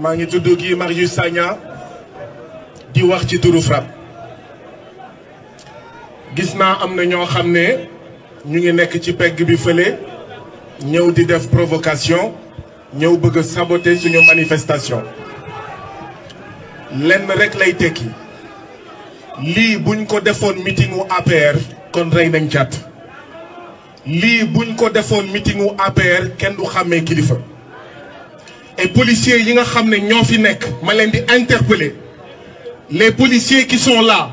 maa ngi tudd Guy Marius saña di wax ci turu FRAPP gis naa am na ñoo xam ne ñu ngi nekk ci pegg bi fële ñëw di def provocation ñëw bëgg a saboter suñu manifestation lenn rek lay tekki lii buñ ko defoon meetingu APR kon rey lii buñ ko defoon meetingu APR kenn du xàmmee kilifa et policiers yi nga xam ne ñoo fi nekk ma leen di interpeller les policiers qui sont là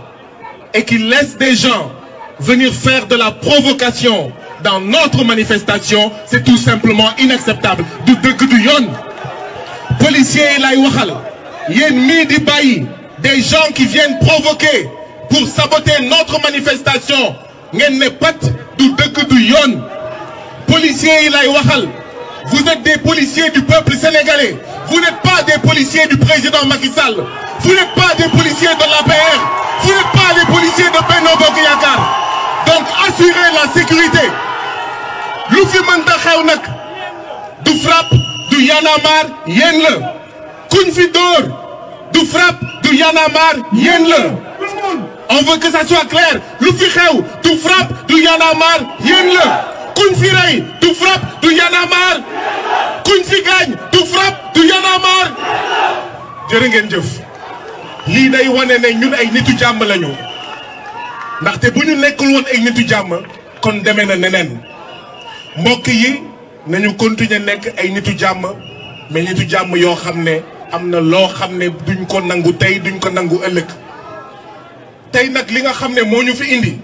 et qui laissent des gens venir faire de la provocation dans notre manifestation c'est tout simplement inacceptable du dëgg du yoon policiers yi lay waxal yéen mii di bàyyi des gens qui viennent provoquer pour saboter notre manifestation ngeen ne pat du dëgg du yoon policiers yi lay waxal Vous êtes des policiers du peuple sénégalais. Vous n'êtes pas des policiers du président Macky Vous n'êtes pas des policiers de l'APR. Vous n'êtes pas des policiers de Benno Bokk Donc assurez la sécurité. Lu fi mën nag du frappe du yanamar yéen la. du frappe du yanamar yéen la. On que ça soit clair. Lu du frappe du yanamar yéen la. du frappe du yanamar jëf lii day wane ne ñun ay nitu jàmm lañu ndaxte bu ñu nekkul woon ay nitu jàmm kon deme na neneen mbokk yi nañu continuer nekk ay nitu jàmm mais nitu jàmm yoo xam ne am na loo xam ne duñ ko nangu tey duñ ko nangu ëllëg tey nag li nga xam ne moo ñu fi indi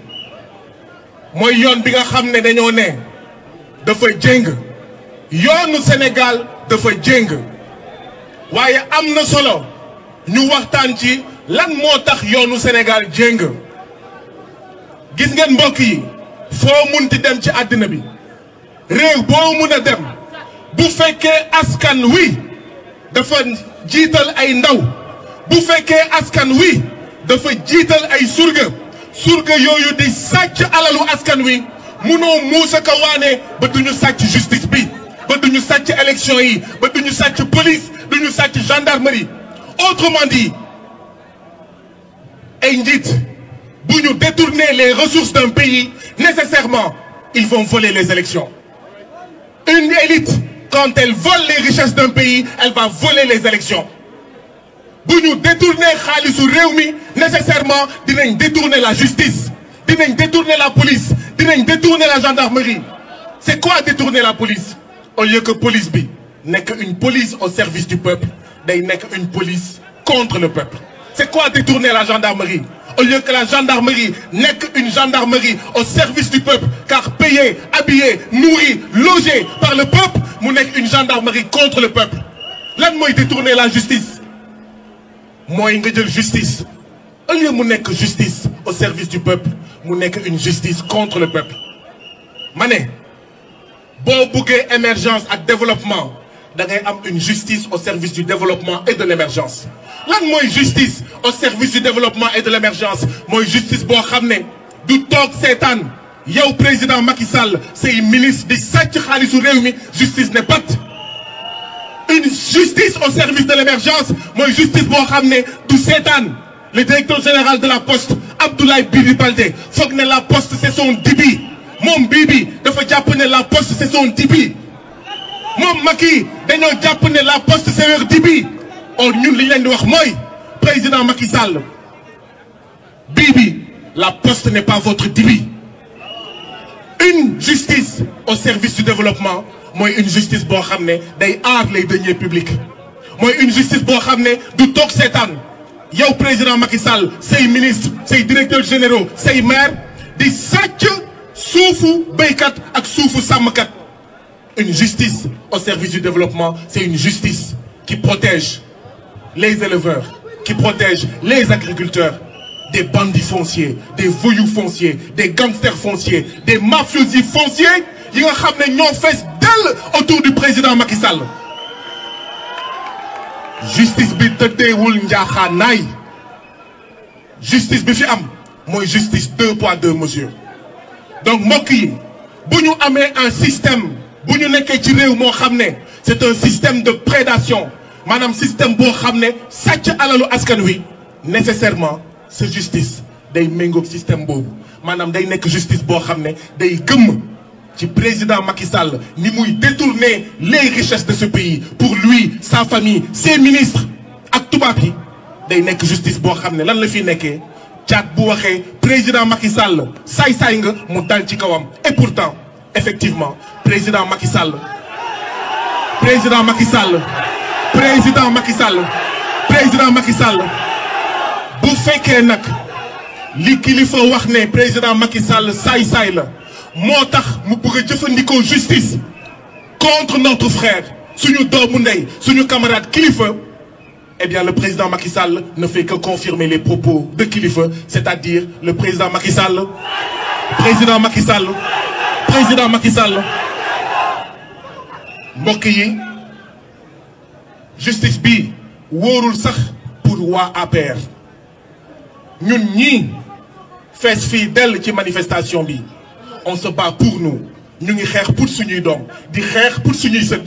mooy yoon bi nga xam ne dañoo ne dafa jéng yoonu senegal dafa jéng waaye am na solo ñu waxtaan ci lan moo tax yoonu senegal jéng gis ngeen mbokk yi foo munti dem ci àddina bi réew boo mën a dem bu fekkee askan wi dafa jiital ay ndaw bu fekkee askan wi dafa jiital ay surga surga yooyu di sàcc alalu askan wi munoo muus ak a waane ba duñu sàcc justice bi ba duñu sàcc élection yi ba duñu sàcc police duñu sàcc gendarmerie autrement dit ay njiit bu ñu détourner les ressources d'un pays nécessairement ils vont voler les élections une élite quand elle vole les richesses d'un pays elle va voler les élections bu ñu détourner xaalisu réew mi nécessairement dinañ détourner la justice dinañ détourner la police dinañ détourner la gendarmerie c'est quoi détourner la police au lieu que police bi nekk une police au service du peuple day nekk une police contre le peuple c'est quoi détourner la gendarmerie au lieu que la gendarmerie nekk une gendarmerie au service du peuple car payée habillée nourrie logée par le peuple mu nekk une gendarmerie contre le peuple lan mooy détourner la justice mooy nga jël justice au lieu mu nekk justice au service du mu nekk une justice contre le peuple ma ne boo buggee émergence ak développement da ngay am une justice au service du développement et de l'émergence lan mooy justice au service du développement et de l'émergence mooy justice boo xam ne du toog seetaan yow président Macky Sall say ministre di sàcc xaalisu réew mi justice ne pat une justice au service de l'émergence mooy justice boo xam ne du seetaan le directeur général de la poste Abdoulaye Bibi Baldé foog ne la poste c'est son débit moom Bibi dafa jàpp la poste c'est son débit moom Macky dañoo jàpp ne la poste c'est leur débit or ñun li ñu leen di wax mooy président Macky Sall Bibi la poste n'est pas votre débit une justice au service du développement mooy une justice boo xam ne day aar les deniers publics mooy une justice boo xam ne du toog seetaan yow président Macky Sall say ministre say directeurs généraux say maire di sàcc suufu béykat ak suufu sàmmkat une justice au service du développement c'est une justice qui protège les éleveurs qui protège les agriculteurs des bandits fonciers des voyous fonciers des gangsters fonciers des mafiosi fonciers yi nga xam ne ñoo fees dell autour du président Macky justice bi tëddeewul njaaxaanaay justice bi fi am mooy justice deux poids deux mesures donc mbokk yi bu ñu amee un système bu ñu nekkee ci réew moo xam ne c'est un système de prédation maanaam système boo xam ne sàcc alalu askan wi nécessairement sa justice day méngoog système boobu maanaam day nekk justice boo xam ne day gëmm ci président Macky Sall ni muy détourner les richesses de ce pays pour lui sa famille ses ministres ak tubaab yi day nekk justice boo xam ne lan la fi nekkee caat bu waxee président Macky Sall saay-saay nga mu dal ci kawam et pourtant effectivement président Macky Sall président Macky Sall président Macky Sall président Macky Sall bu fekkee nag li kilifa wax ne président Macky Sall saay-saay la moo tax mu bëgg a jëfandikoo justice contre notre frère suñu doomu ndey suñu camarade Kilifeu eh bien le président Macky Sall ne fait que confirmer les propos de Kilifeu c'est-à-dire le président Macky Sall président Macky Sall président Macky Sall mbokk yi justice bi wóorul sax pour waa APR ñun ñii fees fii dell ci manifestation bi on se bat pour nous ñu ngi xeex pour suñuy doom di xeex pour suñuy sët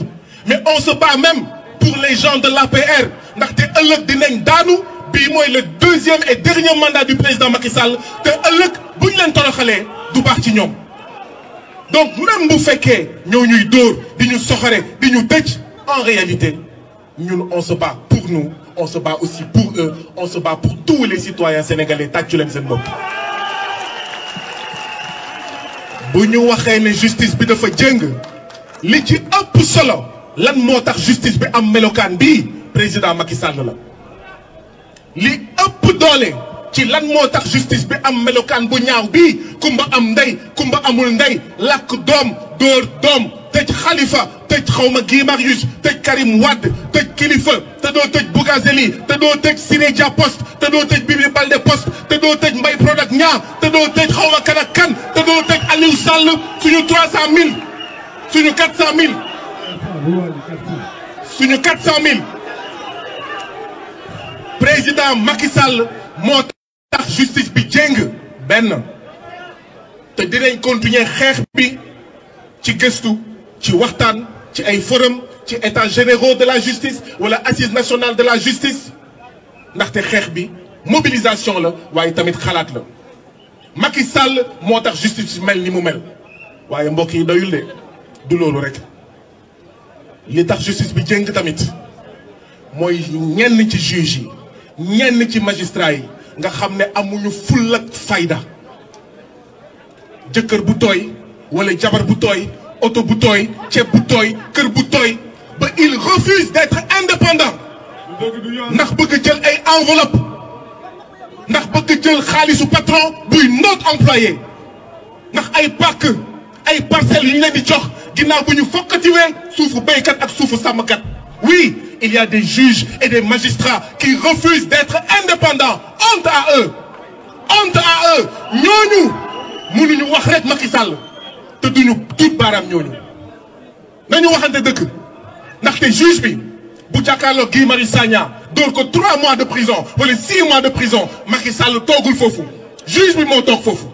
mais on se bat même pour les gens de la l'APR ndaxte ëllëg dinañ daanu bii mooy le deuxième et dernier mandat du président Macky Sall te ëllëg bu ñu leen toroxalee du baax ci ñoom donc même bu fekkee ñoo ñuy dóor di ñu soxore di ñu tëj en réalité ñun on se bat pour nous on se bat aussi pour eux on se bat pour tous les citoyens sénégalais tàccu leen seen bopp bu ñu waxee ne justice bi dafa jëng li ci ëpp solo lan moo tax justice bi am melokaan bi président Macky Sall la li ëpp doole ci lan moo tax justice bi am melokaan bu ñaaw bi kumba am ndey kumba amul ndey làkk doom dóor doom tëj xalifa tëj xawma Guy Marius tëj Karim Wade tëj kilifa te doo tëj Bougazeli te doo tëj Siré Dia poste te doo tëj Bibi Baldé poste te doo tëj Mbaye Prodac ñaar te tëj xawma kan kan Sall suñu trois cent mille suñu quatre cent mille suñu quatre cent mille président Macky Sall moo tax justice bi jéng benn te dinañ continuer xeex bi ci gëstu ci waxtaan ci ay forum ci états généraux de la justice wala assise national de la justice ndaxte xeex bi mobilisation la waaye tamit xalaat la Macky Sall moo tax justice mel ni mu mel waaye mbokk yi doyul du loolu rek li tax justice bi jëng tamit mooy ñenn ci juge yi ñenn ci magistrat yi nga xam ne amuñu full ak fayda jëkkër bu tooy wala jabar bu tooy oto bu tooy ceeb bu tooy kër bu tooy ba il refuse d'être indépendant ndax bëgg jël ay enveloppe ndax bëgg jël xaalisu patron buy noot employé ndax ay pàkk ay parcelles yu ñu leen di jox ginnaaw bu ñu fokkatiwee suufu béykat ak suufu sàmmkat oui il y a des juges et des magistrats qui refusent d'être indépendants honte à eux honte à eux ñooñu mënuñu wax rek Macky Sall te duñu tuut baaraam ñooñu nañu waxante dëkk ndaxte juge bi bu jàkkaarloo Guy Marius Sagna donc trois mois de prison wala six mois de prison Macky Sall toogul foofu juge bi moo toog foofu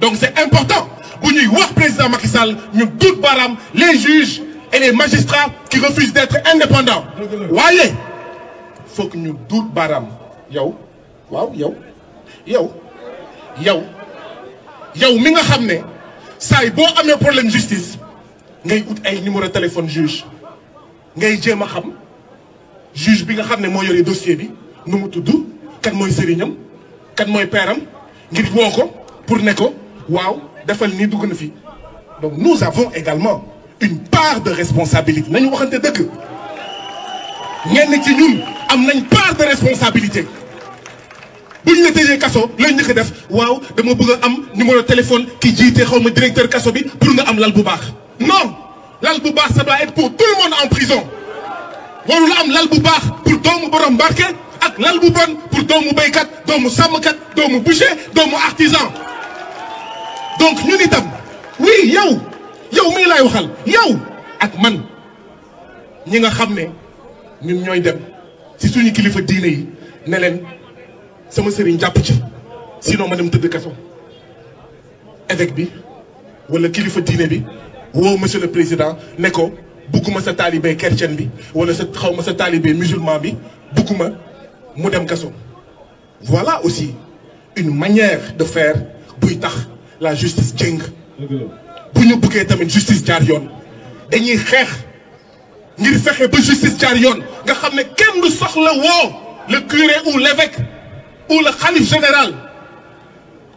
donc c' est important bu ñuy wax président Macky Sall ñu dut baaraam les juges et les magistrats qui refusent d' être indépendants waaye foog ñu dut baaraam yow waaw yow yow yow yow mi nga xam ne saay boo amee problème justice ngay ut ay numéro téléphone juge ngay jéem a xam juge bi nga xam ne moo yore dossier bi nu mu tudd kan mooy sëriñam kan mooy peeram ngir woo ko pour ne ko waaw defal nii dugg na fi donc nous avons également une part de responsabilité nañu waxante dëgg ñenn ci ñun am nañ part de responsabilité buñ la tëjee kaso looy njëkk a def waaw dama bëgg a am numéro téléphone ki jiite xaw ma directeur kaso bi pour nga am lal bu baax non lal bu baax ça doit être pour tout le monde en prison warul am lal bu baax pour doomu borom barke ak lal bu bon pour doomu béykat doomu sàmmkat doomu boucher doomu artisan donc ñun itam oui yow yow mii laay waxal yow ak man ñi nga xam ne ñun ñooy dem si suñu kilifa diine yi ne leen sama sëriñ jàpp ci sinon ma dem tëdd kaso évêque bi wala kilifa diine bi woo monsieur le président ne ko bugguma sa taalibe kercen bi wala sa xaw ma sa taalibe musulman bi bugguma mu dem kaso voilà aussi une manière de faire buy tax la justice jëng bu ñu buggee tamit justice jaar yoon dañuy xeex ngir fexe ba justice jaar yoon nga xam ne kenn du soxla woo le curé ou l'évêque ou le xalif général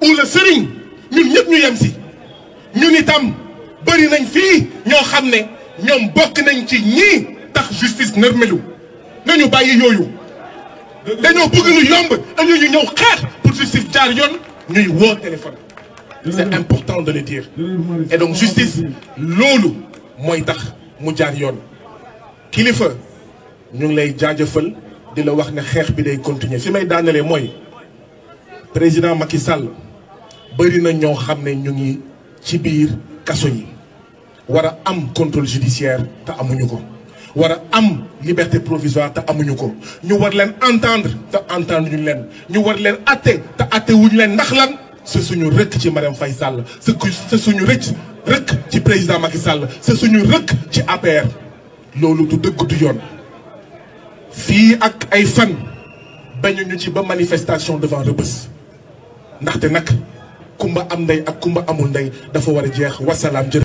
ou le sëriñ ñun ñëpp ñu yem si ñun itam bëri nañ fii ñoo xam ne ñoom bokk nañ ci ñii tax justice nërmelu nañu bàyyi yooyu dañoo bëgg lu yomb am ñu ñëw xaar pour justice jaar yoon ñuy woo téléphone c'est important de le dire et donc justice loolu mooy tax mu jaar yoon kilifa ñu ngi lay jaajëfal di la wax ne xeex bi day continuer fi may daanelee mooy président Macky Sall bëri na ñoo xam ne ñu ngi ci biir kaso yi war a am contrôle judiciaire te amuñu ko war a am liberté provisoire te amuñu ko ñu war leen entendre te entendre ñu leen ñu war leen atte te atte wuñu leen ndax lan c'est suñu rëkk ci Marième Faye Sall c'est suñu rëcc rëkk ci président Macky Sall sa suñu rëkk ci APR loolu du dëgg du yoon fii ak ay fan bañuñu ci ba manifestation devant Rebeuss ndaxte nag kumba am ndey ak kumba amul ndey dafa war a jeex wasalaam jërëjëf